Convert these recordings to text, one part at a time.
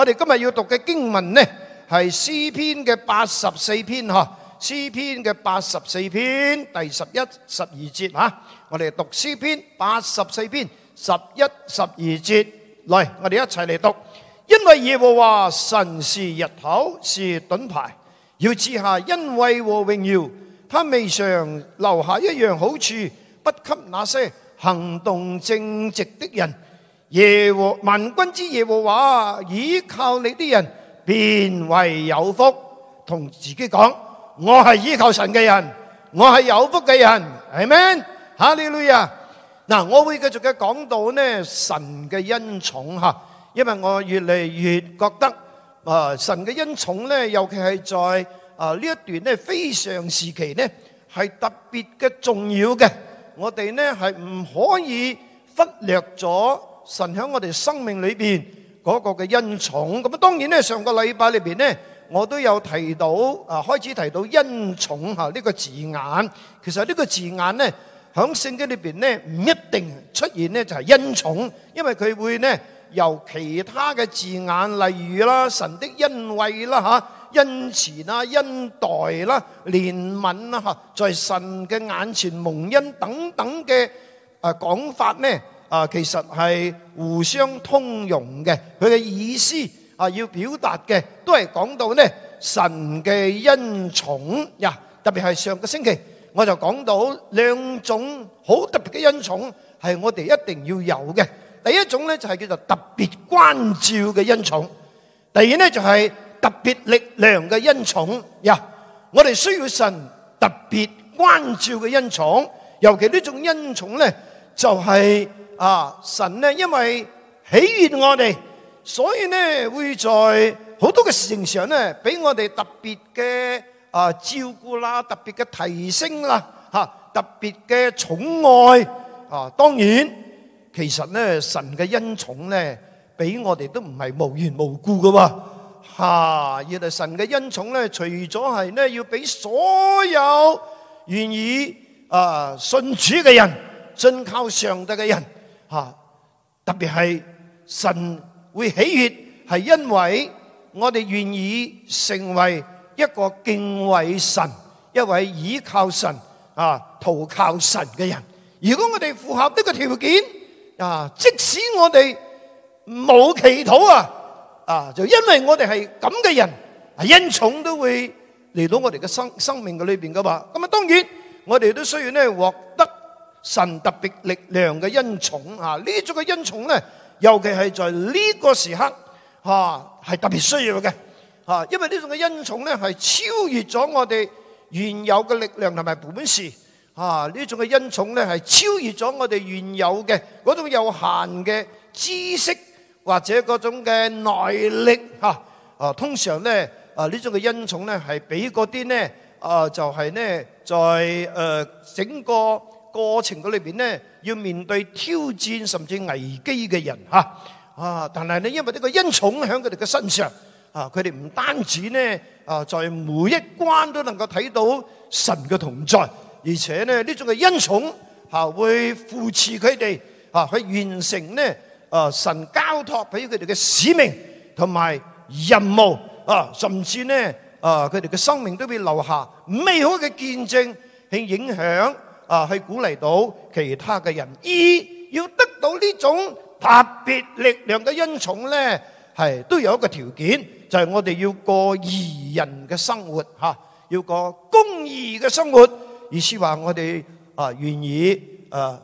我哋今日要讀嘅經文呢，係詩篇嘅八十四篇嗬，詩篇嘅八十四篇第十一、十二節啊！我哋讀詩篇八十四篇十一、十二節，來，我哋一齊嚟讀。因為耶和華神是日頭，是盾牌，要賜下恩惠和榮耀。他未嘗留下一樣好處，不給那些行動正直的人。耶和萬軍之耶和華，倚靠你啲人，便為有福。同自己講，我係倚靠神嘅人，我係有福嘅人，係咪？吓呢類人，嗱，我會繼續嘅講到呢神嘅恩寵吓，因為我越嚟越覺得啊神嘅恩寵咧，尤其係在啊呢一段咧非常時期咧，係特別嘅重要嘅。我哋咧係唔可以忽略咗。神喺我哋生命裏邊嗰個嘅恩寵，咁啊當然咧，上個禮拜裏邊咧，我都有提到啊，開始提到恩寵吓呢個字眼。其實呢個字眼咧，響聖經裏邊咧，唔一定出現咧就係恩寵，因為佢會咧由其他嘅字眼，例如啦神的恩惠啦吓，恩慈啊恩待啦憐憫啦吓，在神嘅眼前蒙恩等等嘅啊講法咧。啊，其實係互相通用嘅，佢嘅意思啊，要表達嘅都係講到呢神嘅恩寵呀。特別係上個星期我就講到兩種好特別嘅恩寵，係我哋一定要有嘅。第一種呢就係叫做特別關照嘅恩寵，第二呢就係特別力量嘅恩寵呀。我哋需要神特別關照嘅恩寵，尤其呢種恩寵呢就係。啊！神呢，因為喜悅我哋，所以呢會在好多嘅事情上呢，俾我哋特別嘅啊照顧啦，特別嘅提升啦，吓，特別嘅寵愛。啊，當然，其實呢神嘅恩寵呢，俾我哋都唔係無緣無故㗎喎！吓，而係神嘅恩寵呢，除咗係呢要俾所有願意啊信主嘅人，信靠上帝嘅人。吓，特別係神會喜悅，係因為我哋願意成為一個敬畏神、一位倚靠神、啊，投靠神嘅人。如果我哋符合呢個條件，啊，即使我哋冇祈禱啊，啊，就因為我哋係咁嘅人，啊，恩寵都會嚟到我哋嘅生生命嘅裏邊嘅話，咁啊，當然我哋都需要咧獲得。神特別力量嘅恩寵吓，呢種嘅恩寵呢，尤其係在呢個時刻吓，係特別需要嘅吓。因為呢種嘅恩寵呢，係超越咗我哋原有嘅力量同埋本事吓。呢種嘅恩寵呢，係超越咗我哋原有嘅嗰種有限嘅知識或者嗰種嘅耐力吓。啊，通常呢啊，呢種嘅恩寵呢，係俾嗰啲呢啊，就係呢在誒整個。過程嘅裏邊呢，要面對挑戰甚至危機嘅人吓啊！但係呢，因為呢個恩寵喺佢哋嘅身上啊，佢哋唔單止呢啊，在每一關都能夠睇到神嘅同在，而且呢呢種嘅恩寵啊，會扶持佢哋啊去完成呢啊神交託俾佢哋嘅使命同埋任務啊，甚至呢啊佢哋嘅生命都會留下美好嘅見證去影響。啊，去鼓勵到其他嘅人。二要得到呢種特別力量嘅恩寵咧，係都有一個條件，就係我哋要過義人嘅生活吓，要過公義嘅生活，意思話我哋啊願意啊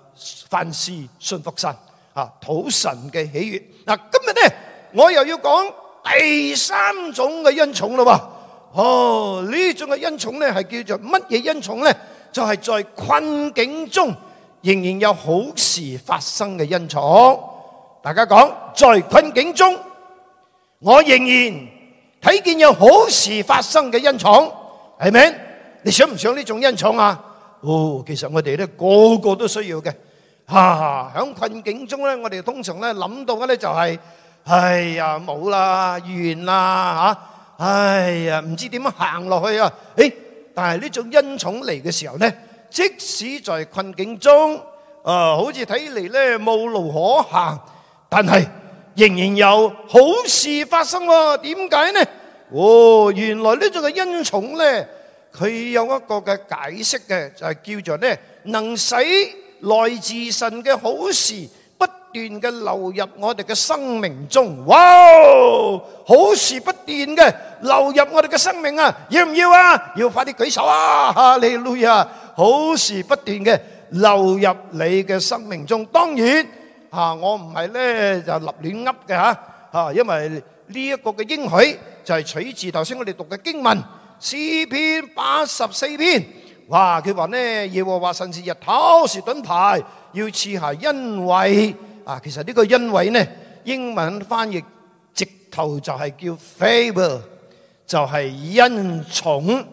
凡事信服神啊討神嘅喜悦。嗱，今日咧我又要講第三種嘅恩寵咯喎，哦呢種嘅恩寵咧係叫做乜嘢恩寵咧？就係在困境中仍然有好事發生嘅恩寵，大家講，在困境中我仍然睇見有好事發生嘅恩寵，係咪？你想唔想呢種恩寵啊？哦，其實我哋咧個個都需要嘅。吓，喺困境中咧，我哋通常咧諗到嘅咧就係，哎呀冇啦完啦吓，哎呀唔知點樣行落去啊，誒。但係呢種恩寵嚟嘅時候呢，即使在困境中，誒，好似睇嚟呢無路可行，但係仍然有好事發生喎。點解呢？哦，原來呢種嘅恩寵呢，佢有一個嘅解釋嘅，就係叫做呢，能使來自神嘅好事斷嘅流入我哋嘅生命中，哇！好事不斷嘅流入我哋嘅生命啊，要唔要啊？要快啲舉手啊！吓，你女啊，好事不斷嘅流入你嘅生命中。當然，吓我唔係咧就立亂噏嘅吓，吓因為呢一個嘅應許就係取自頭先我哋讀嘅經文詩篇八十四篇。哇！佢話咧耶和華神是日頭，是盾牌，要賜下恩惠。啊，其實呢個恩惠咧，英文翻譯直頭就係叫 favor，就係恩寵。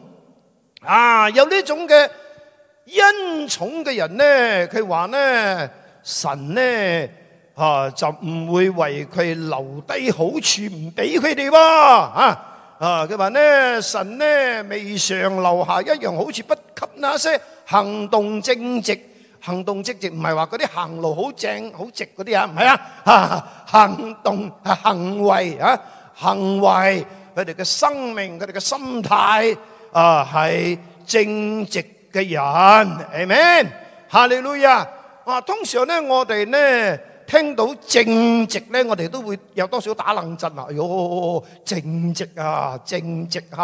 啊，有呢種嘅恩寵嘅人咧，佢話咧，神咧，啊就唔會為佢留低好處，唔俾佢哋喎。啊啊，佢話咧，神咧未嘗留下一樣好處，不給那些行動正直。行動積極，唔係話嗰啲行路好正好直嗰啲啊，唔係啊，行動行為啊，行為佢哋嘅生命佢哋嘅心態啊，係正直嘅人，阿們，哈利路亞。啊，通常咧我哋咧聽到正直咧，我哋都會有多少打冷震啊？喲，正直啊，正直吓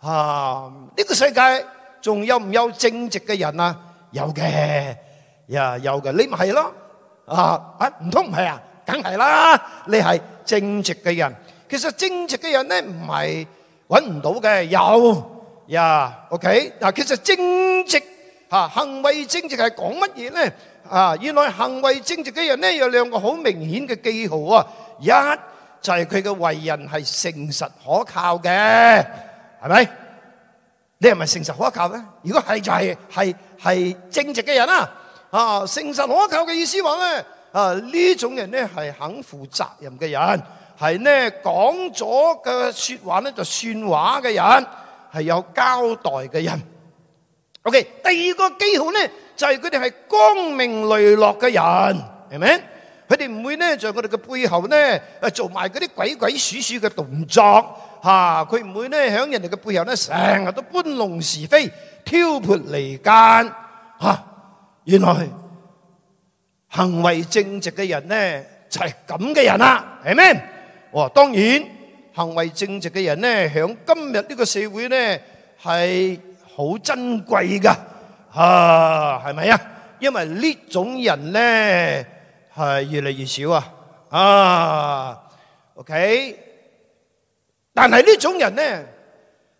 啊！呢個世界仲有唔有正直嘅人啊？有嘅。呀，有嘅，你咪係咯？啊，啊，唔通唔係啊？梗係啦，你係正直嘅人。其實正直嘅人咧唔係搵唔到嘅，有呀。OK，嗱，其實正直吓行為正直係講乜嘢咧？啊，原來行為正直嘅人咧有兩個好明顯嘅記號啊。一就係佢嘅為人係誠實可靠嘅，係咪？你係咪誠實可靠咧？如果係就係係係正直嘅人啊。啊！誠實可靠嘅意思話咧，啊呢種人咧，係肯負責任嘅人，係呢講咗嘅說話咧就算話嘅人，係有交代嘅人。OK，第二個記號咧就係佢哋係光明磊落嘅人，明、嗯、咪？佢哋唔會呢在佢哋嘅背後呢誒做埋嗰啲鬼鬼祟祟嘅動作，吓佢唔會呢響人哋嘅背後呢成日都搬弄是非、挑撥離間，吓、啊。原來行為正直嘅人呢就係咁嘅人啦，係咩？哦，當然行為正直嘅人呢，響今日呢個社會呢係好珍貴噶，啊，係咪啊？因為呢種人呢係越嚟越少啊，啊，OK。但係呢種人呢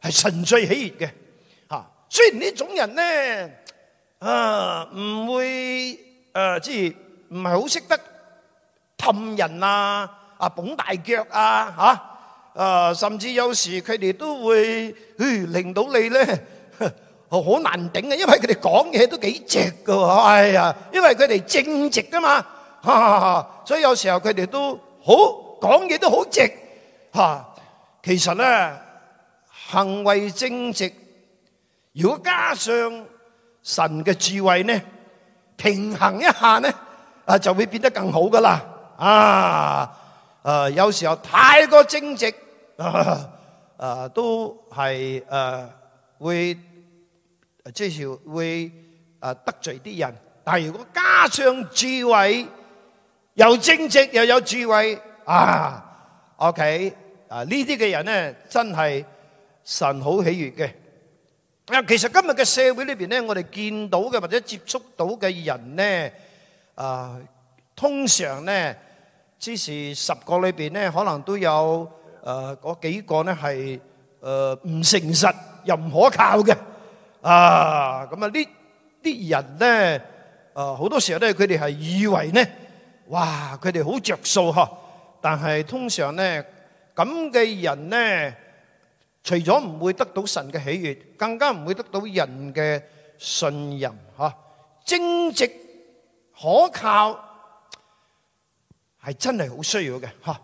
係純粹喜悅嘅，啊，雖然呢種人呢。啊，唔會誒，即係唔係好識得氹人啊，啊，捧大腳啊，吓，誒，甚至有時佢哋都會，誒，令到你咧，係好難頂嘅，因為佢哋講嘢都幾直噶，哎呀，因為佢哋正直吖嘛，所以有時候佢哋都好講嘢都好直，吓，其實咧行為正直，如果加上，神嘅智慧呢，平衡一下呢，啊就會變得更好噶啦。啊，誒，有時候太過正直，啊都係誒會即係會啊得罪啲人。但係如果加上智慧，有正直又有智慧，啊，OK，啊呢啲嘅人呢，真係神好喜悅嘅。啊，其實今日嘅社會裏邊咧，我哋見到嘅或者接觸到嘅人咧，啊，通常咧，即使十個裏邊咧，可能都有誒嗰幾個咧係誒唔誠實又唔可靠嘅。啊，咁啊，呢啲人咧，啊，好多時候咧，佢哋係以為咧，哇，佢哋好著數吓，但係通常咧，咁嘅人咧。除咗唔會得到神嘅喜悅，更加唔會得到人嘅信任。吓、啊，正直可靠係真係好需要嘅。吓、啊，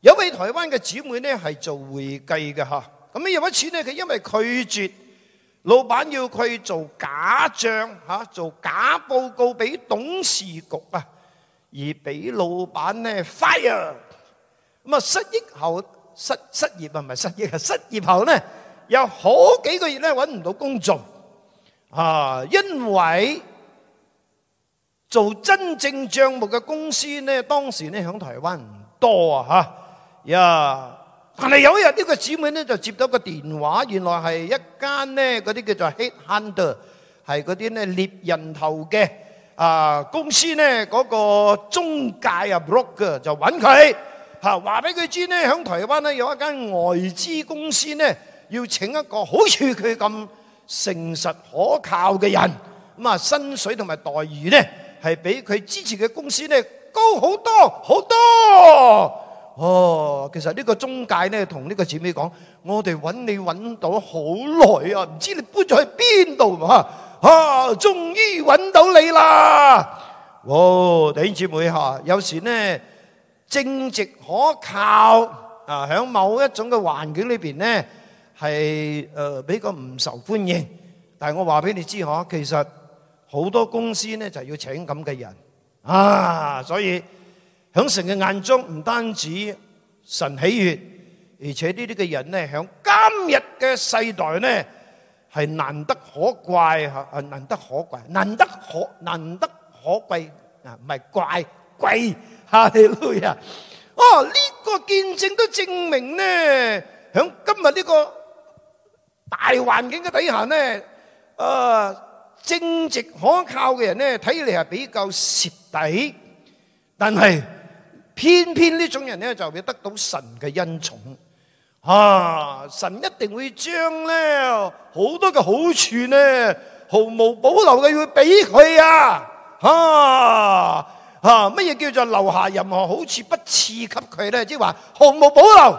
有位台灣嘅姊妹咧係做會計嘅。吓、啊，咁呢有一次咧，佢因為拒絕老板要佢做假賬，吓、啊、做假報告俾董事局啊，而俾老闆咧 fire。咁啊，失業後。失失業唔係失業，失業後咧有好幾個月咧揾唔到工作啊！因為做真正帳目嘅公司咧，當時咧響台灣唔多啊嚇。呀，但係有一日呢個姊妹咧就接到個電話，原來係一間咧嗰啲叫做 head hunter，係嗰啲咧獵人頭嘅啊公司咧嗰個中介啊 broker 就揾佢。啊，話俾佢知咧，響台灣咧有一間外資公司咧，要請一個好似佢咁誠實可靠嘅人，咁啊薪水同埋待遇咧係比佢支持嘅公司咧高好多好多。哦，其實呢個中介咧同呢個姐妹講，我哋揾你揾到好耐啊，唔知你搬咗去邊度啊？吓終於揾到你啦！哦，啲姐妹吓，有時咧。正直可靠啊！喺某一種嘅環境裏邊咧，係誒比較唔受歡迎。但係我話俾你知吓，其實好多公司咧就要請咁嘅人啊！所以喺神嘅眼中，唔單止神喜悅，而且呢啲嘅人咧，喺今日嘅世代咧係難得可貴吓，係難得可貴，難得可難得可貴啊！唔係怪貴。哈利路亞！哦，呢個見證都證明咧，響今日呢個大環境嘅底下咧，誒，正直可靠嘅人咧，睇嚟係比較蝕底，但係偏偏呢種人咧，就會得到神嘅恩寵。啊，神一定會將咧好多嘅好處咧，毫無保留嘅要俾佢啊！吓～呃，乜嘢叫做留下任何，好處不刺給佢呢？即係話，毫無保留！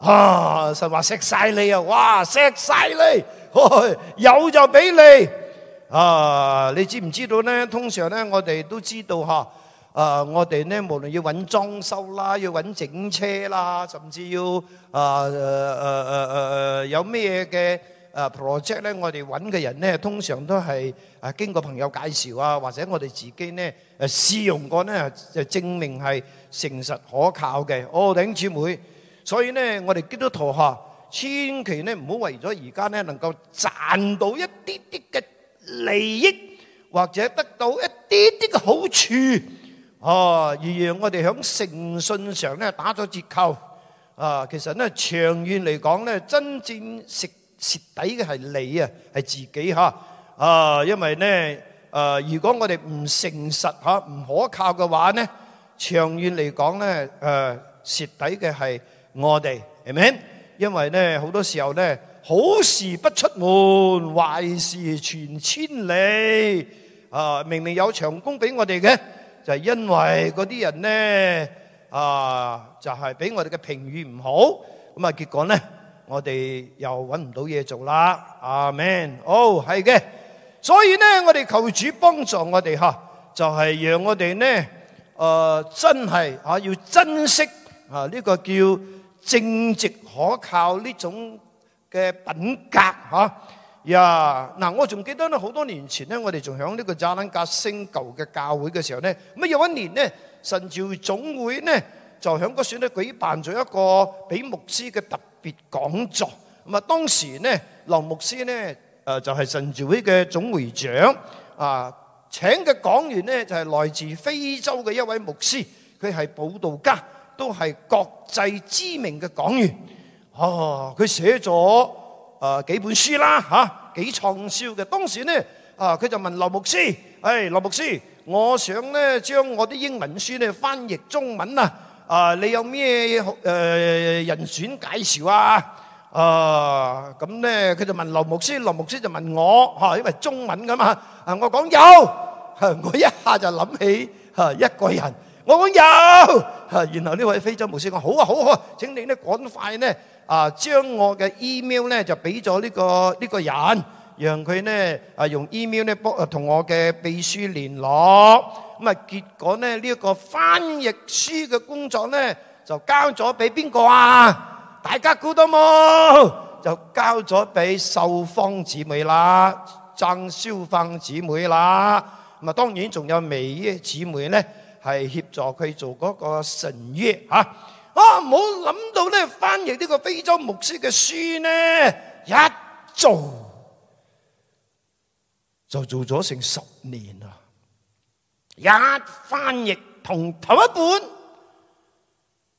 呃，誒，試用過咧，就證明係誠實可靠嘅。哦，弟兄姊妹，所以咧，我哋基督徒吓，千祈咧唔好為咗而家咧能夠賺到一啲啲嘅利益，或者得到一啲啲嘅好處，哦，而讓我哋響誠信上咧打咗折扣。啊，其實咧長遠嚟講咧，真正食蝕底嘅係你啊，係自己吓啊，因為咧。誒，如果我哋唔誠實吓，唔可靠嘅話咧，長遠嚟講咧，誒，蝕底嘅係我哋，係咪？因為咧好多時候咧，好事不出門，壞事傳千里。啊，明明有長工俾我哋嘅，就係因為嗰啲人咧，啊就係俾我哋嘅評語唔好，咁啊結果咧，我哋又揾唔到嘢做啦。阿 Man，哦係嘅。所以咧，我哋求主幫助我哋吓，就係讓我哋咧，誒，真係吓要珍惜啊呢個叫正直可靠呢種嘅品格吓。呀，嗱，我仲記得咧，好多年前咧，我哋仲喺呢個渣欄架星舊嘅教會嘅時候咧，咁啊有一年咧，神召總會咧就喺嗰選舉舉辦咗一個俾牧師嘅特別講座。咁啊，當時咧，劉牧師咧。誒，就係、是、神召會嘅總會長啊，請嘅講員呢就係來自非洲嘅一位牧師，佢係佈道家，都係國際知名嘅講員。哦、啊，佢寫咗誒幾本書啦，吓、啊、幾暢銷嘅。當時呢啊佢就問羅牧師：誒、哎，羅牧師，我想咧將我啲英文書咧翻譯中文啊，啊，你有咩誒、呃、人選介紹啊？啊，咁咧佢就問劉牧師，劉牧師就問我嚇，因為中文噶嘛，啊我講有，嚇我一下就諗起嚇一個人，我講有，嚇然後呢位非洲牧師講好啊好啊，請你咧趕快咧啊將我嘅 email 咧就俾咗呢個呢個人，讓佢咧啊用 email 咧幫啊同我嘅秘書聯絡，咁啊結果咧呢一個翻譯書嘅工作咧就交咗俾邊個啊？大家估到冇？就交咗俾秀芳姊妹啦，鄭少芳姊妹啦。咁啊，當然仲有微耶姊妹咧，係協助佢做嗰個神醫吓。啊，冇、啊、諗到咧，翻譯呢個非洲牧師嘅書咧，一做就做咗成十年啦。一翻譯，同頭一本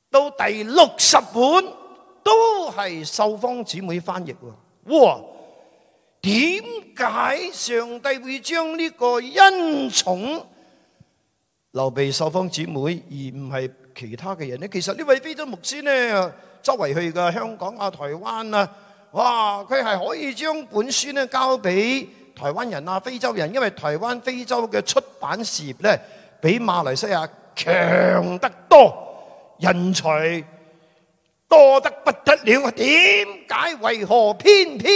到第六十本。都係秀芳姊妹翻譯喎，哇！點解上帝會將呢個恩寵留俾秀芳姊妹，而唔係其他嘅人呢？其實呢位非洲牧師呢，周圍去嘅香港啊、台灣啊，哇！佢係可以將本書呢交俾台灣人啊、非洲人，因為台灣非洲嘅出版事業呢，比馬來西亞強得多，人才。多得不得了啊！點解？為何偏偏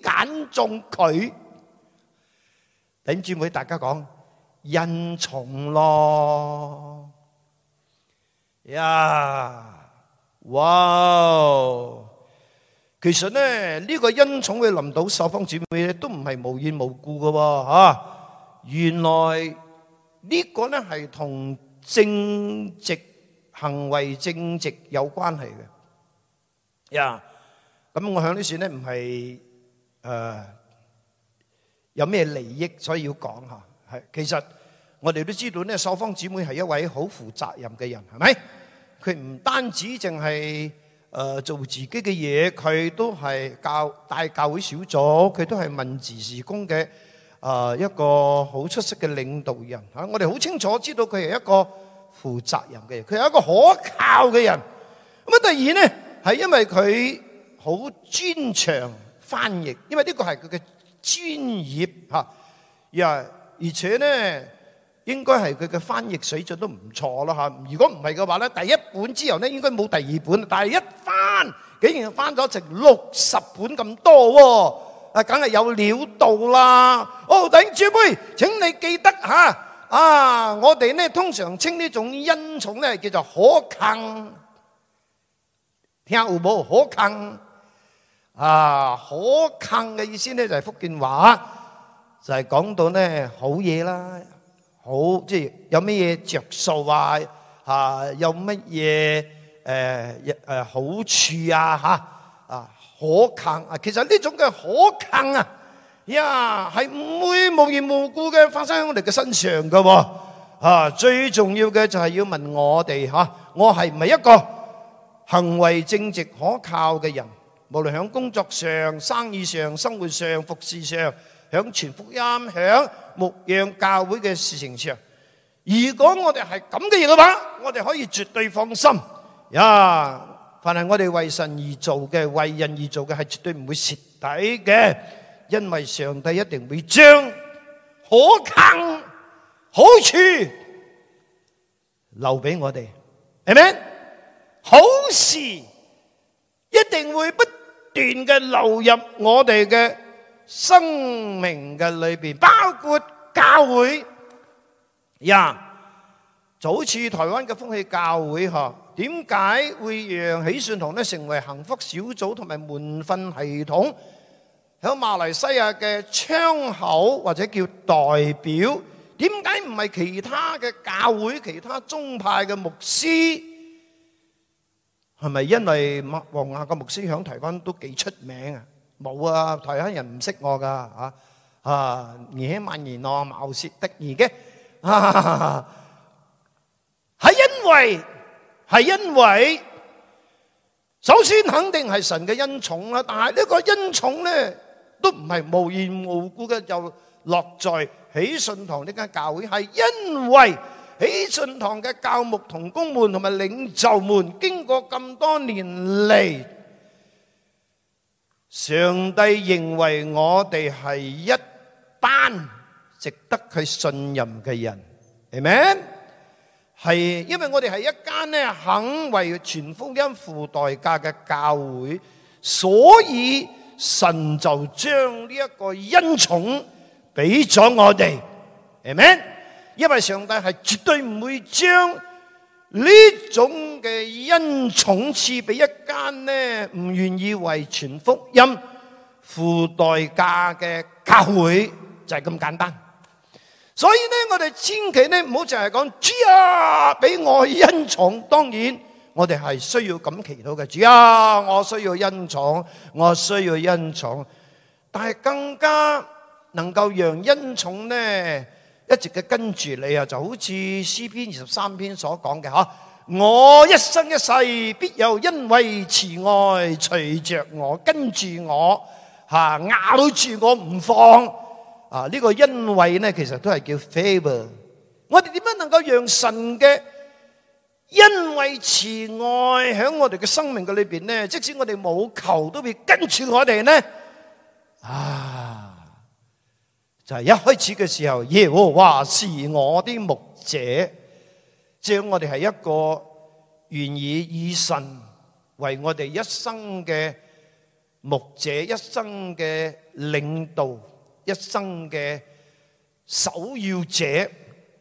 揀中佢？等住妹，大家講恩寵咯。呀，哇！其實呢呢個恩寵嘅臨到秀芳姊妹咧，都唔係無緣無故嘅喎。吓，原來呢個咧係同正直。行為正直有關係嘅，呀！咁我響呢處咧唔係誒有咩利益，所以要講下。係其實我哋都知道咧，秀芳姊妹係一位好負責任嘅人，係咪？佢唔單止淨係誒做自己嘅嘢，佢都係教大教會小組，佢都係文字事工嘅誒一個好出色嘅領導人嚇。我哋好清楚知道佢係一個負責任嘅人，佢係一個可靠嘅人。咁啊，第二咧係因為佢好專長翻譯，因為呢個係佢嘅專業吓。而且咧，應該係佢嘅翻譯水準都唔錯啦吓。如果唔係嘅話咧，第一本之後咧，應該冇第二本。但係一翻，竟然翻咗成六十本咁多，啊，梗係有料到啦！哦，頂住杯，請你記得吓。啊！我哋咧通常稱呢種恩寵咧叫做可抗，聽護寶可抗。啊！可抗嘅意思咧就係、是、福建話就係、是、講到咧好嘢啦，好即係、就是、有乜嘢着數啊？啊，有乜嘢誒誒好處啊？吓啊！可抗。啊，其實呢種嘅可抗啊。呀，係唔會無緣無故嘅發生喺我哋嘅身上㗎，啊，最重要嘅就係要問我哋吓，我係唔係一個行為正直可靠嘅人？無論響工作上、生意上、生活上、服侍上，響傳福音、響牧養教會嘅事情上，如果我哋係咁嘅嘢嘅話，我哋可以絕對放心。呀，凡係我哋為神而做嘅、為人而做嘅，係絕對唔會蝕底嘅。因為上帝一定會將可堪好處留俾我哋，係咪？好事一定會不斷嘅流入我哋嘅生命嘅裏邊，包括教會呀。就好似台灣嘅風氣，教會嗬，點解會讓喜信堂咧成為幸福小組同埋門訓系統？喺馬來西亞嘅窗口或者叫代表，點解唔係其他嘅教會、其他宗派嘅牧師？係咪因為王亞嘅牧師響台灣都幾出名啊？冇啊，台灣人唔識我噶吓吓，野蠻而鬧貌舌的而嘅，係因為，係因為，首先肯定係神嘅恩寵啦，但係呢個恩寵咧。都唔係無緣無故嘅，就落在喜信堂呢間教會，係因為喜信堂嘅教牧同工們同埋領袖們經過咁多年嚟，上帝認為我哋係一班值得佢信任嘅人，係咪？係因為我哋係一間呢肯為傳福音付代價嘅教會，所以。神就將呢一個恩寵俾咗我哋，阿妹，因為上帝係絕對唔會將呢種嘅恩寵賜俾一間呢唔願意為全福音付代價嘅教會，就係咁簡單。所以呢，我哋千祈呢唔好淨係講，主啊，俾我恩寵，當然。我哋係需要咁祈禱嘅主啊！我需要恩寵，我需要恩寵。但係更加能夠讓恩寵呢一直嘅跟住你啊，就好似詩篇二十三篇所講嘅吓，我一生一世必有恩惠慈愛隨著我，跟住我吓咬住我唔放啊！呢個恩惠呢，其實都係叫 favor。我哋點樣能夠讓神嘅？因為慈愛喺我哋嘅生命嘅裏邊呢，即使我哋冇求，都會跟住我哋呢。啊，就係一開始嘅時候，耶和華是我的牧者，將我哋係一個願意以神為我哋一生嘅牧者，一生嘅領導，一生嘅首要者。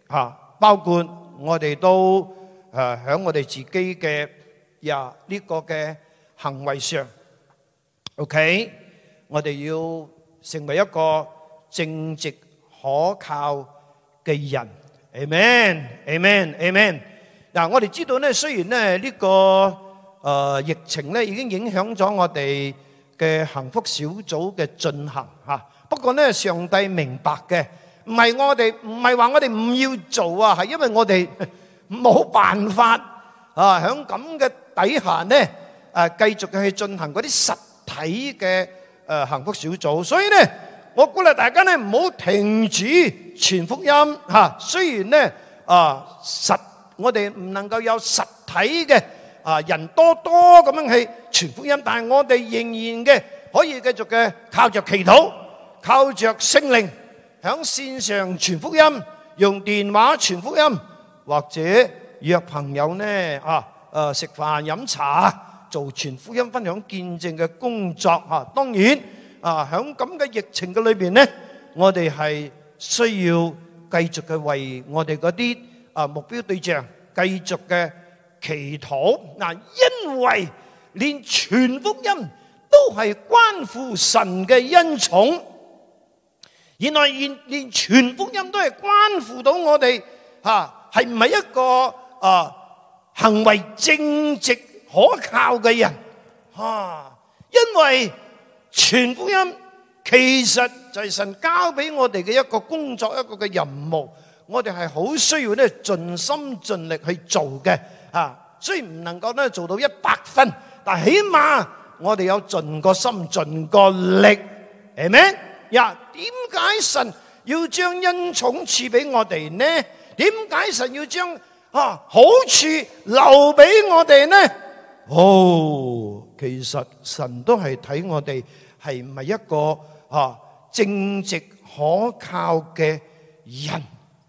吓，包括我哋都。啊！喺我哋自己嘅呀呢個嘅行為上，O.K. 我哋要成為一個正直可靠嘅人。Amen，Amen，Amen。嗱，我哋知道咧，雖然咧呢個誒疫情咧已經影響咗我哋嘅幸福小組嘅進行吓，不過咧上帝明白嘅，唔係我哋，唔係話我哋唔要做啊，係因為我哋。冇辦法啊！喺咁嘅底下咧，誒繼續去進行嗰啲實體嘅誒幸福小組。所以咧，我鼓勵大家咧唔好停止傳福音嚇。雖然咧啊實我哋唔能夠有實體嘅啊人多多咁樣去傳福音，但係我哋仍然嘅可以繼續嘅靠着祈禱，靠着聖靈喺線上傳福音，用電話傳福音。或者約朋友呢啊，誒食飯飲茶，做全福音分享見證嘅工作啊。當然啊，響咁嘅疫情嘅裏邊呢，我哋係需要繼續嘅為我哋嗰啲啊目標對象繼續嘅祈禱嗱，因為連全福音都係關乎神嘅恩寵，原來連連全福音都係關乎到我哋嚇。係唔係一個啊行為正直可靠嘅人啊？因為傳福音其實就係神交俾我哋嘅一個工作，一個嘅任務。我哋係好需要咧盡心盡力去做嘅啊！雖然唔能夠咧做到一百分，但起碼我哋有盡個心盡個力。係咩？呀，點解神要將恩寵賜俾我哋呢？點解神要將吓好處留俾我哋呢？哦，其實神都係睇我哋係唔係一個吓正直可靠嘅人，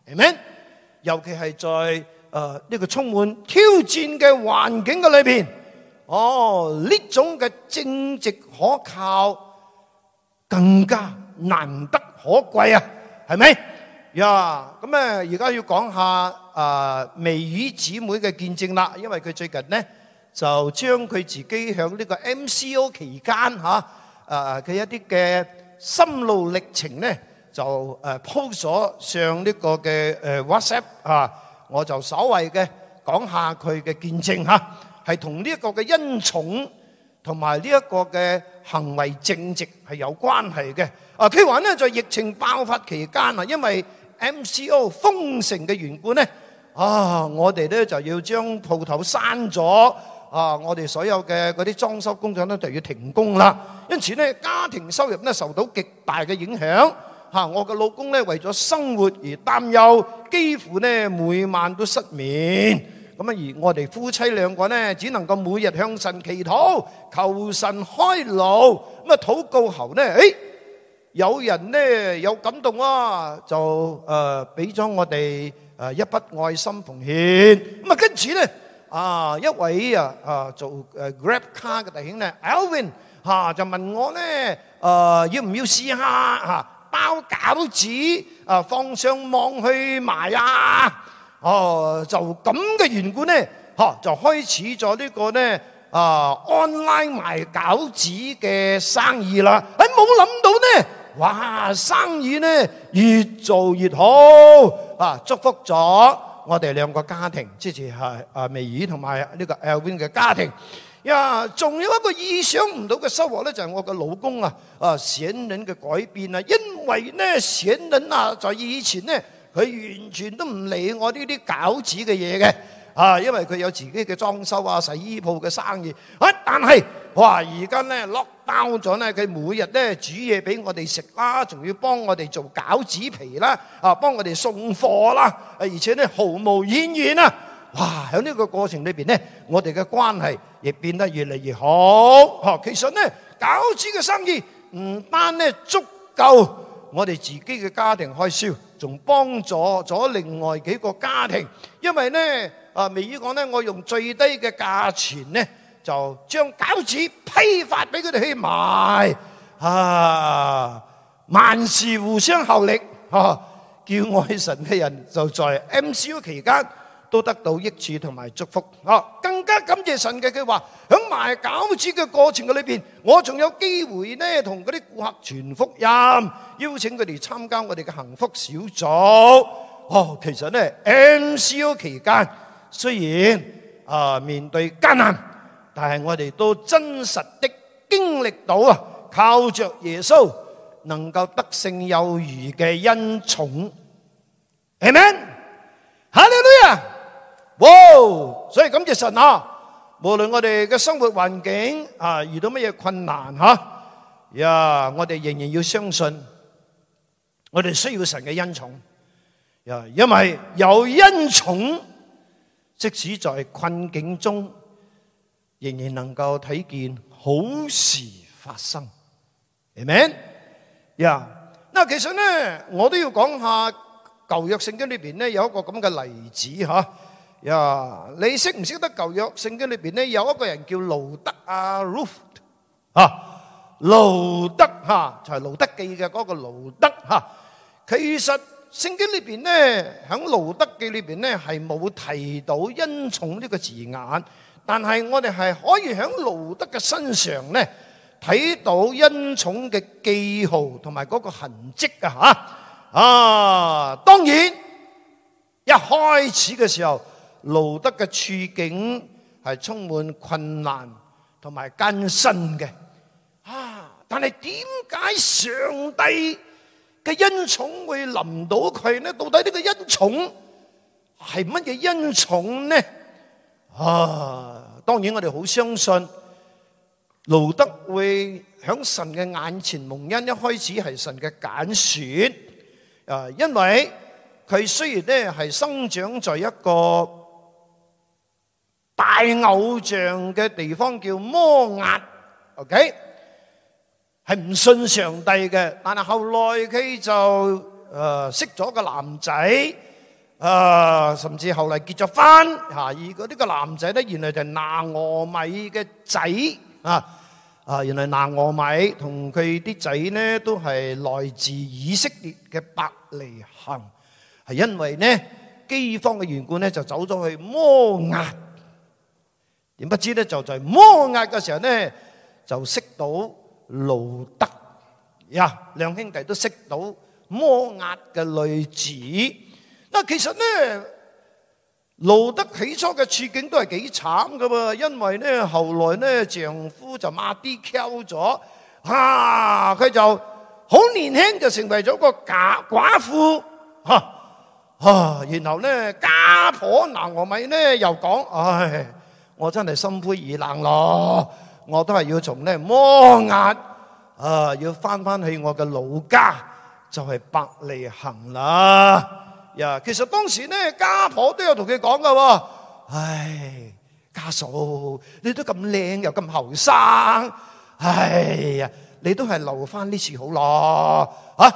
明唔明？尤其係在誒呢個充滿挑戰嘅環境嘅裏邊，哦呢種嘅正直可靠更加難得可貴啊，係咪？呀，咁啊，而家要講下啊，微語姊妹嘅見證啦，因為佢最近咧就將佢自己響呢個 MCO 期間吓，誒佢一啲嘅心路歷程咧就誒 post 咗上呢個嘅誒 WhatsApp 吓，我就所謂嘅講下佢嘅見證吓，係同呢一個嘅恩寵同埋呢一個嘅行為正直係有關係嘅。啊，譬如話咧在疫情爆發期間啊，因為 MCO 封城嘅緣故呢，啊，我哋呢就要將鋪頭閂咗，啊，我哋所有嘅嗰啲裝修工作呢就要停工啦。因此呢，家庭收入呢受到極大嘅影響。吓，我嘅老公呢為咗生活而擔憂，幾乎呢每晚都失眠。咁啊，而我哋夫妻兩個呢，只能夠每日向神祈禱，求神開路。咁啊，禱告後呢，誒。有人咧，有感動啊，就誒俾咗我哋誒一筆愛心奉獻。咁啊，跟住咧啊一位啊啊做誒 Grab Car 嘅弟兄咧，Alvin 嚇就問我咧誒要唔要試下嚇包餃子啊放上網去賣啊？哦，就咁嘅緣故咧嚇就開始咗呢個咧啊 online 賣餃子嘅生意啦。誒冇諗到咧～哇！生意咧越做越好啊！祝福咗我哋兩個家庭，即係阿薇兒同埋呢個 Alvin 嘅家庭呀！仲有一個意想唔到嘅收穫咧，就係我嘅老公啊！啊，賢人嘅改變啊！因為咧，賢人啊，在以前咧，佢完全都唔理我呢啲餃子嘅嘢嘅啊，因為佢有自己嘅裝修啊、洗衣鋪嘅生意。哎，但係。哇！而家咧 lockdown 咗咧，佢每日咧煮嘢俾我哋食啦，仲要幫我哋做餃子皮啦，啊，幫我哋送貨啦，而且咧毫無怨言啊！哇！喺呢個過程裏邊咧，我哋嘅關係亦變得越嚟越好。嚇，其實咧餃子嘅生意唔單咧足夠我哋自己嘅家庭開銷，仲幫助咗另外幾個家庭，因為咧啊，梅姨講咧，我用最低嘅價錢咧。就將餃子批發俾佢哋去賣，啊，萬事互相效力，嗬！叫愛神嘅人就在 MCO 期間都得到益處同埋祝福，嗬！更加感謝神嘅，佢話響賣餃子嘅過程嘅裏邊，我仲有機會咧同嗰啲顧客傳福音，邀請佢哋參加我哋嘅幸福小組。哦，其實咧 MCO 期間雖然啊面對艱難。但係我哋都真實的經歷到啊，靠着耶穌能夠得勝有餘嘅恩寵，Amen。哈利路亞，哇！所以感謝神啊，無論我哋嘅生活環境啊遇到乜嘢困難吓，呀，我哋仍然要相信，我哋需要神嘅恩寵呀，因為有恩寵，即使在困境中。仍然能夠睇見好事發生，Amen？呀，嗱其實呢，我都要講下舊約聖經裏邊呢有一個咁嘅例子吓。呀，yeah. 你識唔識得舊約聖經裏邊呢有一個人叫路德啊 Ruth 啊，路德吓，就係、是、路德記嘅嗰個路德吓。其實聖經裏邊呢，喺路德記裏邊呢係冇提到恩寵呢個字眼。但係我哋係可以喺路德嘅身上咧睇到恩寵嘅記號同埋嗰個痕跡啊！吓啊，當然一開始嘅時候，路德嘅處境係充滿困難同埋艱辛嘅啊！但係點解上帝嘅恩寵會臨到佢呢？到底呢個恩寵係乜嘢恩寵呢？啊，當然我哋好相信路得會響神嘅眼前蒙恩。一開始係神嘅揀選，啊，因為佢雖然咧係生長在一個大偶像嘅地方叫摩押，OK，係唔信上帝嘅。但係後來佢就誒識咗個男仔。啊，甚至後嚟結咗婚，吓而嗰呢個男仔咧，原來就係拿俄米嘅仔，啊啊，原來拿俄米同佢啲仔咧都係來自以色列嘅白利行，係因為呢饑荒嘅緣故咧，就走咗去摩押，點不知咧就在摩押嘅時候咧就識到路得，呀，兩兄弟都識到摩押嘅女子。其實咧，路得起初嘅處境都係幾慘噶噃，因為咧後來咧丈夫就馬啲嬲咗，吓、啊、佢就好年輕就成為咗個寡寡婦，吓、啊啊、然後咧家婆拿俄米咧又講，唉、哎，我真係心灰意冷咯，我都係要從呢摩押啊，要返返去我嘅老家，就係、是、伯利恆啦。呀，其實當時咧，家婆都有同佢講噶，唉，家嫂，你都咁靚又咁後生，哎呀，你都係留翻呢次好咯，吓，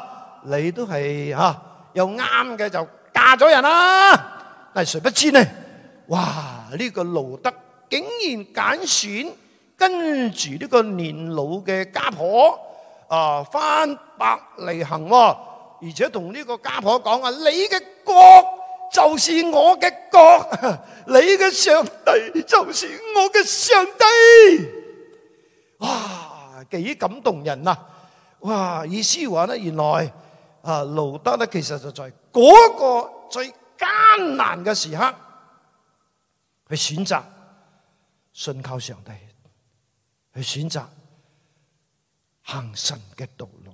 你都係吓，又啱嘅就嫁咗人啦。但係誰不知呢？哇，呢個路得竟然揀選跟住呢個年老嘅家婆啊，返伯利恆。而且同呢個家婆講啊，你嘅國就是我嘅國，你嘅上帝就是我嘅上帝。哇，幾感動人啊！哇，意思話呢，原來啊，路德呢，其實就在嗰個最艱難嘅時刻去選擇信靠上帝，去選擇行神嘅道路。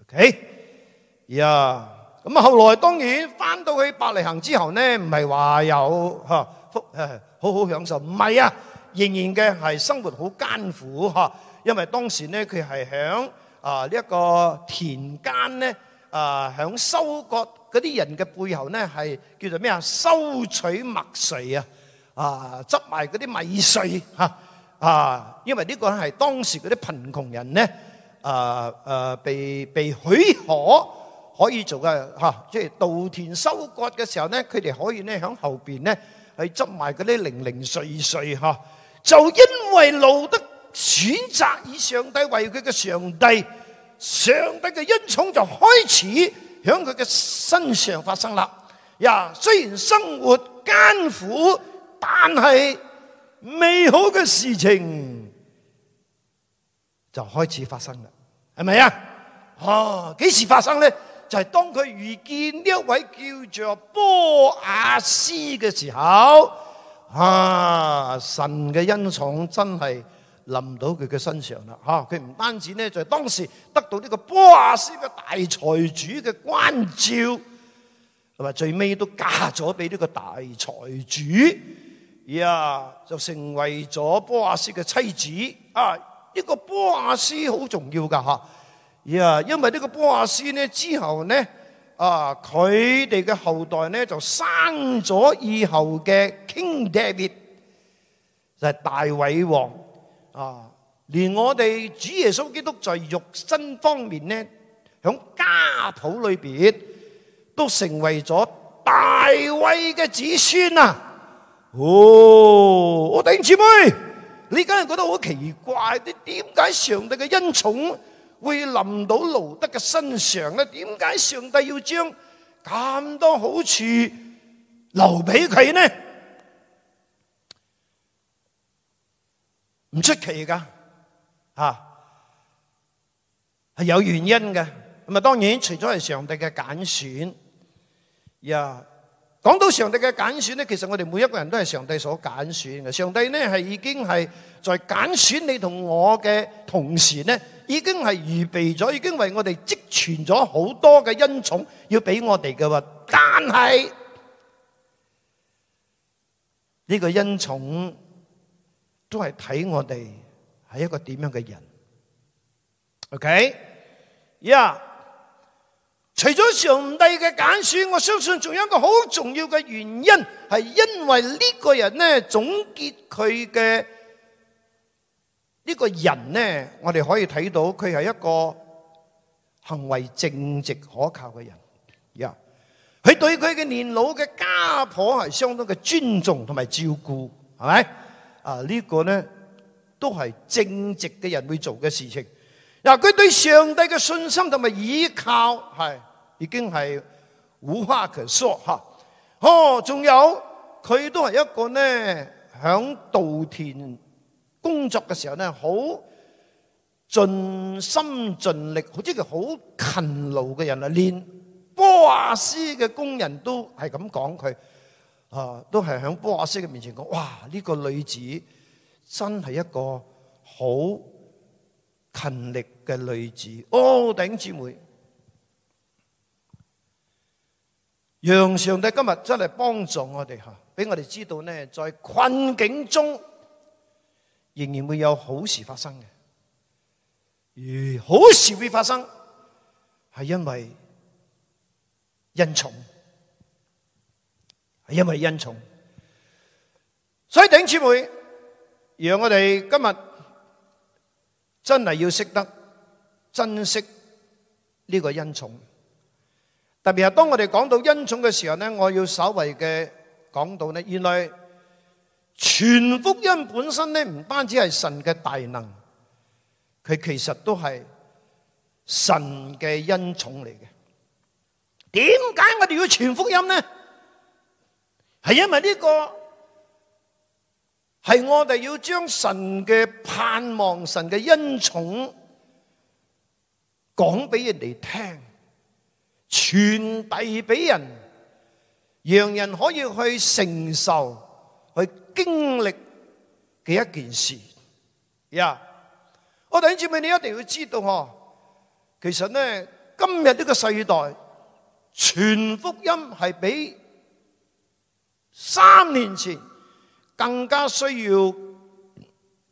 OK。呀，咁啊，後來當然翻到去伯利恒之後呢，唔係話有吓福，誒、啊，好好享受，唔係啊，仍然嘅係生活好艱苦吓、啊。因為當時呢，佢係響啊呢一、這個田間呢啊響收割嗰啲人嘅背後呢係叫做咩啊？收取麥穗啊，啊，執埋嗰啲米穗吓啊。因為呢個係當時嗰啲貧窮人呢誒誒，被被許可。可以做嘅吓、啊，即係稻田收割嘅時候咧，佢哋可以咧響後邊咧去執埋嗰啲零零碎碎吓、啊。就因為路得選擇以上帝為佢嘅上帝，上帝嘅恩寵就開始響佢嘅身上發生啦。呀，雖然生活艱苦，但係美好嘅事情就開始發生啦，係咪啊？哦、啊，幾時發生咧？就係當佢遇見呢一位叫做波亞斯嘅時候，啊，神嘅恩寵真係臨到佢嘅身上啦！吓，佢唔單止呢，就係當時得到呢個波亞斯嘅大財主嘅關照，係嘛，最尾都嫁咗俾呢個大財主，呀，就成為咗波亞斯嘅妻子啊！呢個波亞斯好重要噶吓。呀，因為呢個波亞斯呢之後呢，啊，佢哋嘅後代呢就生咗以後嘅 King David，就係大衛王啊。連我哋主耶穌基督在肉身方面呢，響家譜裏邊都成為咗大衛嘅子孫啊！哦，我哋姊妹，你梗係覺得好奇怪，你點解上帝嘅恩寵，會臨到路德嘅身上咧？點解上帝要將咁多好處留俾佢呢？唔出奇噶，吓係有原因嘅。咁啊，當然除咗係上帝嘅揀選，呀。講到上帝嘅揀選咧，其實我哋每一個人都係上帝所揀選嘅。上帝呢係已經係在揀選你同我嘅同時呢，已經係預備咗，已經為我哋積存咗好多嘅恩寵要俾我哋嘅。但係呢個恩寵都係睇我哋係一個點樣嘅人。OK，呀、yeah。除咗上帝嘅揀選，我相信仲有一個好重要嘅原因，係因為呢個人咧，總結佢嘅呢個人咧，我哋可以睇到佢係一個行為正直可靠嘅人。一，佢對佢嘅年老嘅家婆係相當嘅尊重同埋照顧，係咪？啊，呢個咧都係正直嘅人會做嘅事情。嗱，佢對上帝嘅信心同埋依靠係。已經係無話可說哈、啊！哦，仲有佢都係一個呢，響稻田工作嘅時候呢，好盡心盡力，好似佢好勤勞嘅人啊！連波阿斯嘅工人都係咁講佢，啊，都係響波阿斯嘅面前講，哇！呢、這個女子真係一個好勤力嘅女子，哦，頂姊妹。讓上帝今日真係幫助我哋吓，俾我哋知道呢，在困境中，仍然會有好事發生嘅。而好事會發生，是因為恩寵。是因為恩寵。所以，弟兄姊妹，讓我哋今日真係要識得，珍惜呢個恩寵。特別係當我哋講到恩寵嘅時候呢，我要稍微嘅講到呢，原來傳遞俾人，讓人可以去承受、去經歷嘅一件事，呀！我弟兄姊妹，你一定要知道嗬。其實呢，今日呢個世代，全福音係比三年前更加需要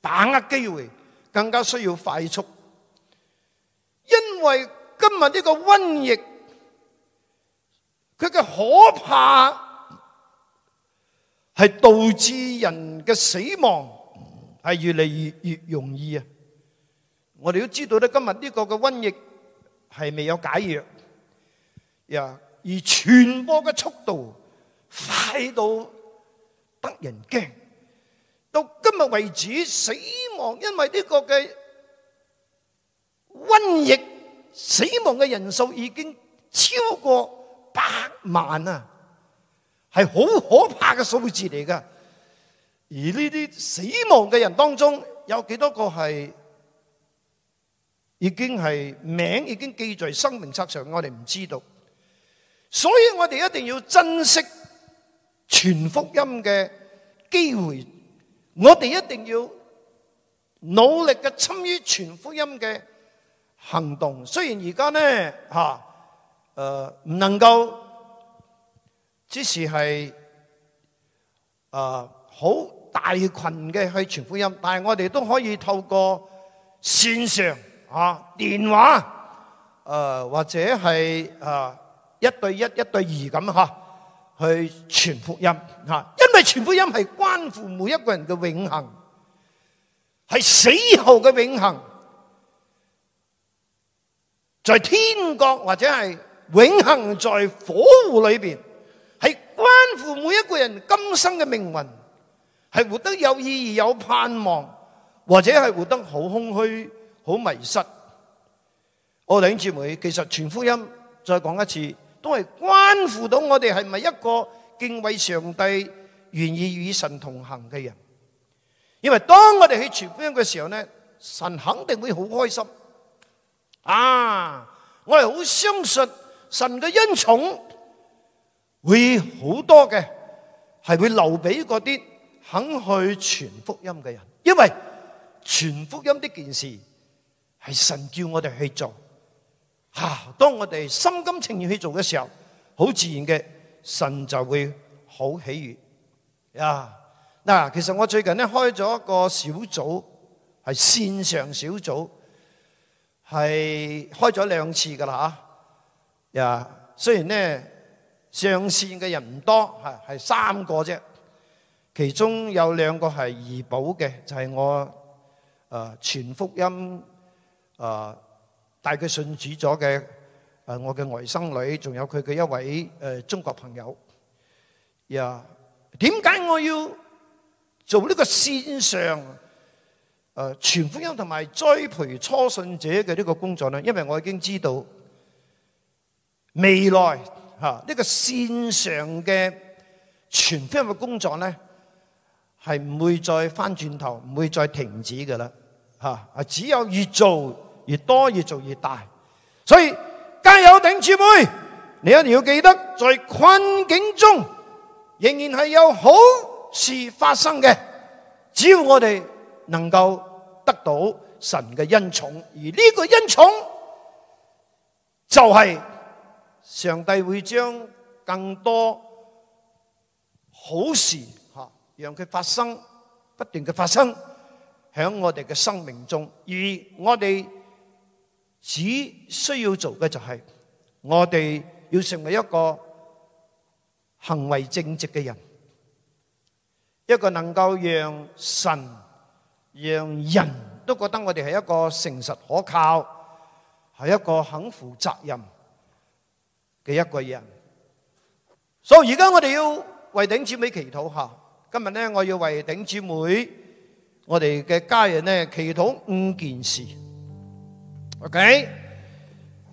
把握機會，更加需要快速，因為今日呢個瘟疫。佢嘅可怕係導致人嘅死亡係越嚟越越容易啊！我哋都知道咧，今日呢個嘅瘟疫係未有解藥，呀，而傳播嘅速度快到得人驚。到今日為止，死亡因為呢個嘅瘟疫死亡嘅人數已經超過。百萬啊，係好可怕嘅數字嚟噶。而呢啲死亡嘅人當中，有幾多個係已經係名已經記在生命冊上，我哋唔知道。所以我哋一定要珍惜傳福音嘅機會。我哋一定要努力嘅參與傳福音嘅行動。雖然而家呢。吓。誒、呃，唔能夠，即使係誒好大群嘅去傳福音，但係我哋都可以透過線上啊、電話誒、呃、或者係誒、啊、一對一、一對二咁吓、啊、去傳福音吓、啊，因為傳福音係關乎每一個人嘅永恆，係死後嘅永恆，在天國或者係。永恆在火湖裏邊，係關乎每一個人今生嘅命運，係活得有意義有盼望，或者係活得好空虛、好迷失。我哋姊妹，其實傳福音再講一次，都係關乎到我哋係咪一個敬畏上帝、願意與神同行嘅人。因為當我哋去傳福音嘅時候呢，神肯定會好開心。啊，我哋好相信。神嘅恩寵會好多嘅，係會留俾嗰啲肯去傳福音嘅人，因為傳福音呢件事係神叫我哋去做。吓，當我哋心甘情願去做嘅時候，好自然嘅，神就會好喜悅。呀，嗱，其實我最近咧開咗一個小組，係綫上小組，係開咗兩次噶啦吓。呀、yeah，雖然咧上線嘅人唔多，係係三個啫，其中有兩個係義保嘅，就係、是、我誒傳、呃、福音誒帶佢信主咗嘅誒我嘅外甥女，仲有佢嘅一位誒、呃、中國朋友。呀，點解我要做呢個線上誒傳、呃、福音同埋栽培初信者嘅呢個工作咧？因為我已經知道。未來吓呢個線上嘅傳福音嘅工作咧，係唔會再翻轉頭，唔會再停止噶啦吓。啊，只有越做越多，越做越大。所以加油頂住，姊妹，你一定要記得，在困境中仍然係有好事發生嘅。只要我哋能夠得到神嘅恩寵，而呢個恩寵就係。上帝會將更多好事吓，讓佢發生，不斷嘅發生，喺我哋嘅生命中。而我哋只需要做嘅就係，我哋要成為一個行為正直嘅人，一個能夠讓神、讓人都覺得我哋係一個誠實可靠，係一個肯負責任，嘅一個人，所以而家我哋要為頂姊妹祈禱吓。今日咧，我要為頂姊妹，我哋嘅家人咧祈禱五件事。OK，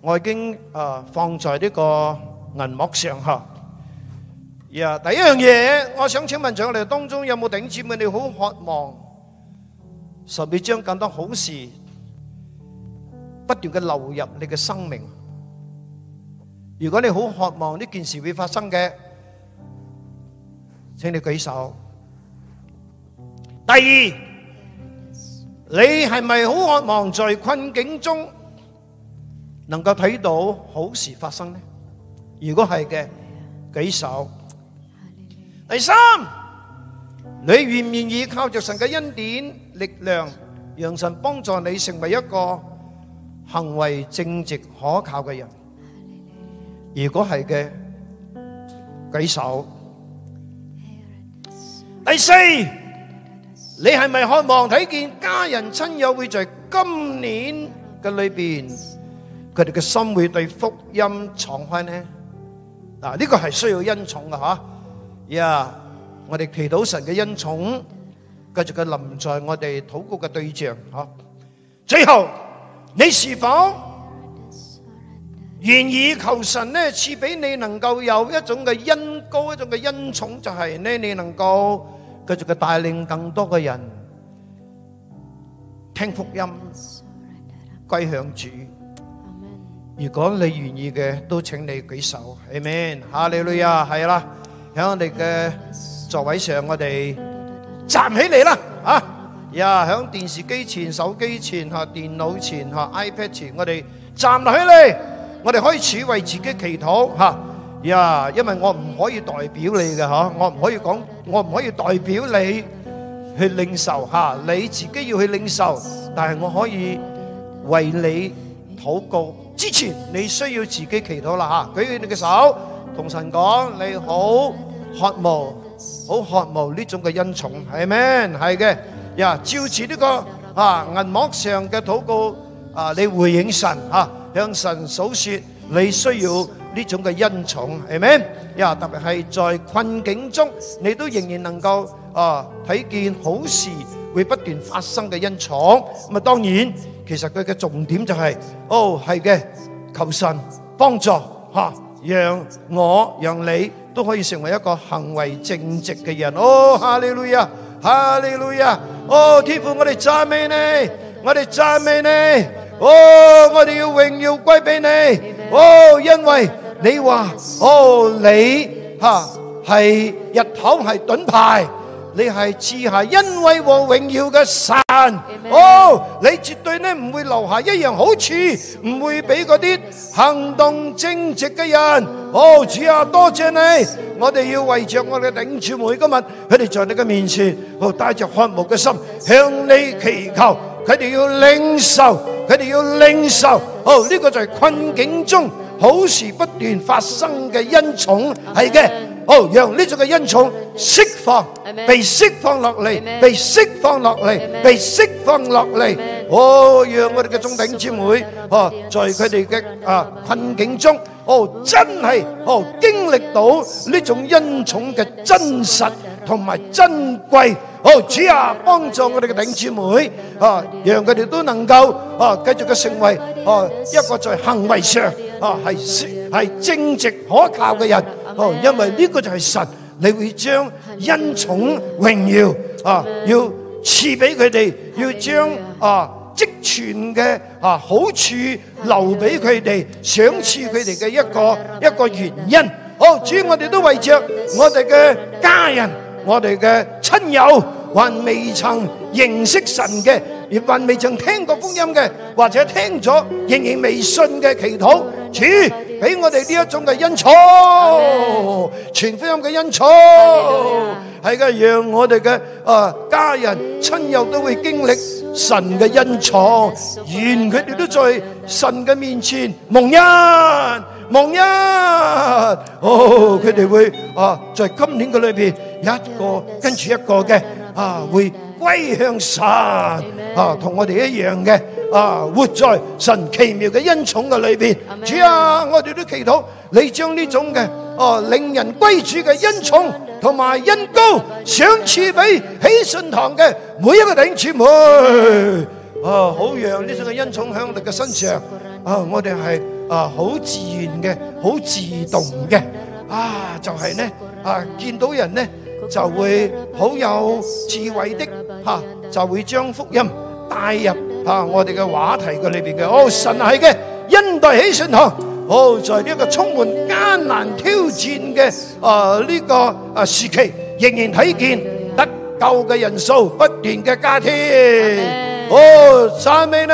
我已經啊放在呢個銀幕上吓。呀，第一樣嘢，我想請問在我哋當中有冇頂姊妹你好渴望順便將更多好事不斷嘅流入你嘅生命？如果你好渴望呢件事會發生嘅，請你舉手。第二，你係咪好渴望在困境中能夠睇到好事發生呢？如果係嘅，舉手。第三，你願唔願意靠着神嘅恩典力量，讓神幫助你成為一個行為正直可靠嘅人？如果係嘅，舉手。第四，你係咪渴望睇見家人親友會在今年嘅裏邊，佢哋嘅心會對福音敞開呢？嗱，呢個係需要恩寵㗎吓。呀，我哋祈禱神嘅恩寵，繼續佢臨在我哋禱告嘅對象。哈，最後，你是否？願意求神咧賜俾你，能夠有一種嘅恩膏，一種嘅恩寵，就係咧你能夠繼續嘅帶領更多嘅人聽福音，歸向主。如果你願意嘅，都請你舉手。Amen。哈利路亞，係啦，響我哋嘅座位上，我哋站起嚟啦，啊呀，響電視機前、手機前、吓電腦前、吓 iPad 前，我哋站起嚟。我哋開始為自己祈禱吓呀，因為我唔可以代表你嘅嗬，我唔可以講，我唔可以代表你去領受吓，你自己要去領受，但係我可以為你禱告。之前你需要自己祈禱啦吓，舉起你嘅手同神講你好渴慕，好渴慕呢種嘅恩寵，係咩？係嘅呀，照住呢個啊銀幕上嘅禱告啊，你回應神吓。向神訴說，你需要，呢種嘅恩寵，係咪？特別係在困境中，你都仍然能夠啊睇見好事會不斷發生嘅恩寵。咁啊，當然，其實佢嘅重點就係，哦，係嘅，求神幫助，吓，讓我，讓你都可以成為一個行為正直嘅人。哦，哈利路亞，哈利路亞，哦，天父，我哋讚美你，我哋讚美你。amen. 哦，我哋要榮耀歸俾你哦，因為你話哦，你吓係日頭，係盾牌，你係賜下恩惠和榮耀嘅神哦，你絕對呢唔會留下一樣好處，唔會俾嗰啲行動正直嘅人哦，主啊，多謝你，我哋要為着我哋領袖們今日佢哋在你嘅面前，哦帶着渴慕嘅心向你祈求，佢哋要領受。佢哋要領受，哦呢個就係困境中好事不斷發生嘅恩寵，係嘅，哦讓呢種嘅恩寵釋放，被釋放落嚟，被釋放落嚟，被釋放落嚟，哦讓我哋嘅眾弟兄姊妹，啊在佢哋嘅啊困境中，哦真係，哦經歷到呢種恩寵嘅真實。同埋珍貴，哦主啊，幫助我哋嘅弟兄姊妹，啊，讓佢哋都能夠，啊，繼續嘅成為，啊，一個在行為上，啊，係係正直可靠嘅人，哦，因為呢個就係神，你會將恩寵榮耀，啊，要賜俾佢哋，要將啊積存嘅啊好處留俾佢哋，賞賜佢哋嘅一個一個原因，好，主我哋都為着我哋嘅家人。我哋嘅親友還未曾認識神嘅，亦還未曾聽過福音嘅，或者聽咗仍然未信嘅祈禱，賜俾我哋呢一種嘅恩寵，全福音嘅恩寵，係嘅，讓我哋嘅、呃、家人親友都會經歷神嘅恩寵，願佢哋都在神嘅面前蒙恩。望一哦，佢哋會啊，在今年嘅裏邊，一個跟住一個嘅啊，會歸向神啊，同我哋一樣嘅啊，活在神奇妙嘅恩寵嘅裏邊。主啊，我哋都祈禱你將呢種嘅哦，令人歸主嘅恩寵同埋恩膏賞賜俾喜信堂嘅每一個弟兄姊妹。哦，好讓呢種嘅恩寵響我哋嘅身上，啊，我哋係啊好自然嘅，好自動嘅，啊，就係呢，啊見到人呢就會好有智慧的，吓就會將福音帶入啊我哋嘅話題嘅裏邊嘅，哦，神係嘅恩待起信堂，哦，在呢一個充滿艱難挑戰嘅啊呢個啊時期，仍然睇見得救嘅人數不斷嘅加添。哦，讚美你，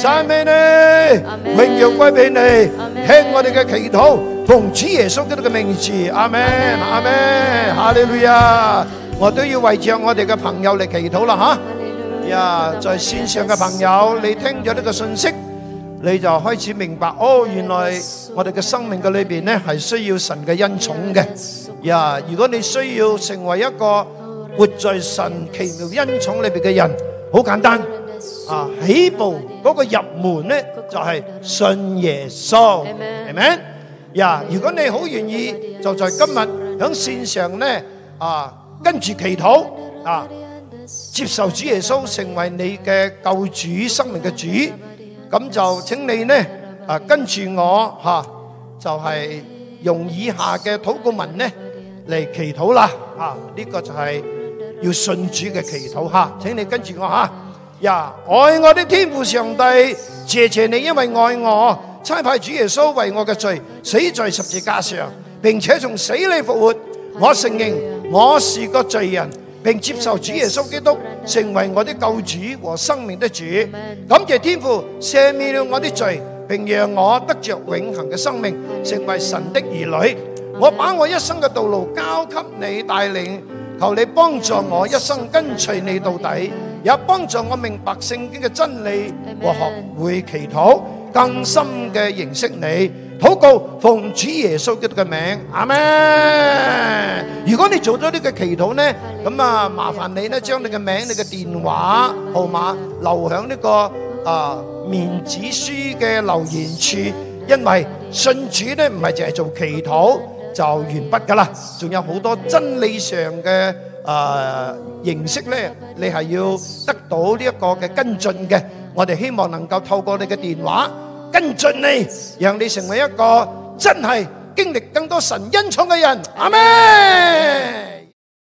讚美你，榮耀歸俾你，聽我哋嘅祈禱，奉主耶穌基督嘅名字，阿門，阿門，哈利路亞！我都要為着我哋嘅朋友嚟祈禱啦，吓！呀，在線上嘅朋友，你聽咗呢個信息，你就開始明白，哦，原來我哋嘅生命嘅裏邊咧係需要神嘅恩寵嘅。呀，如果你需要成為一個活在神奇妙恩寵裏邊嘅人。好簡單，啊起步嗰個入門咧就係信耶穌，係咪？呀，如果你好願意，就在今日響線上咧，啊跟住祈禱，啊接受主耶穌成為你嘅救主、生命嘅主，咁就請你咧啊跟住我吓，就係用以下嘅禱告文咧嚟祈禱啦，啊呢個就係。要信主嘅祈禱吓，請你跟住我吓呀！愛我的天父上帝，謝謝你，因為愛我，差派主耶穌為我嘅罪死在十字架上，並且從死裏復活。我承認我是個罪人，並接受主耶穌基督成為我的救主和生命的主。感謝天父赦免了我的罪，並讓我得着永恒嘅生命，成為神的兒女。我把我一生嘅道路交給你帶領。求你幫助我一生跟隨你到底,也幫助我明白聖經嘅真理,和學會祈禱,更深嘅認識你,禱告奉主耶穌基督嘅名,阿們!如果你做咗這個祈禱呢,咁啊麻煩你呢將你嘅名,你嘅電話號碼,留喺這個,呃,面子書的留言處,因為信主呢,唔係淨係做祈禱,就完畢噶啦，仲有好多真理上嘅，誒認識呢，你係要得到呢一個嘅跟進嘅，我哋希望能夠透過你嘅電話跟進你，讓你成為一個真係經歷更多神恩寵嘅人，阿們。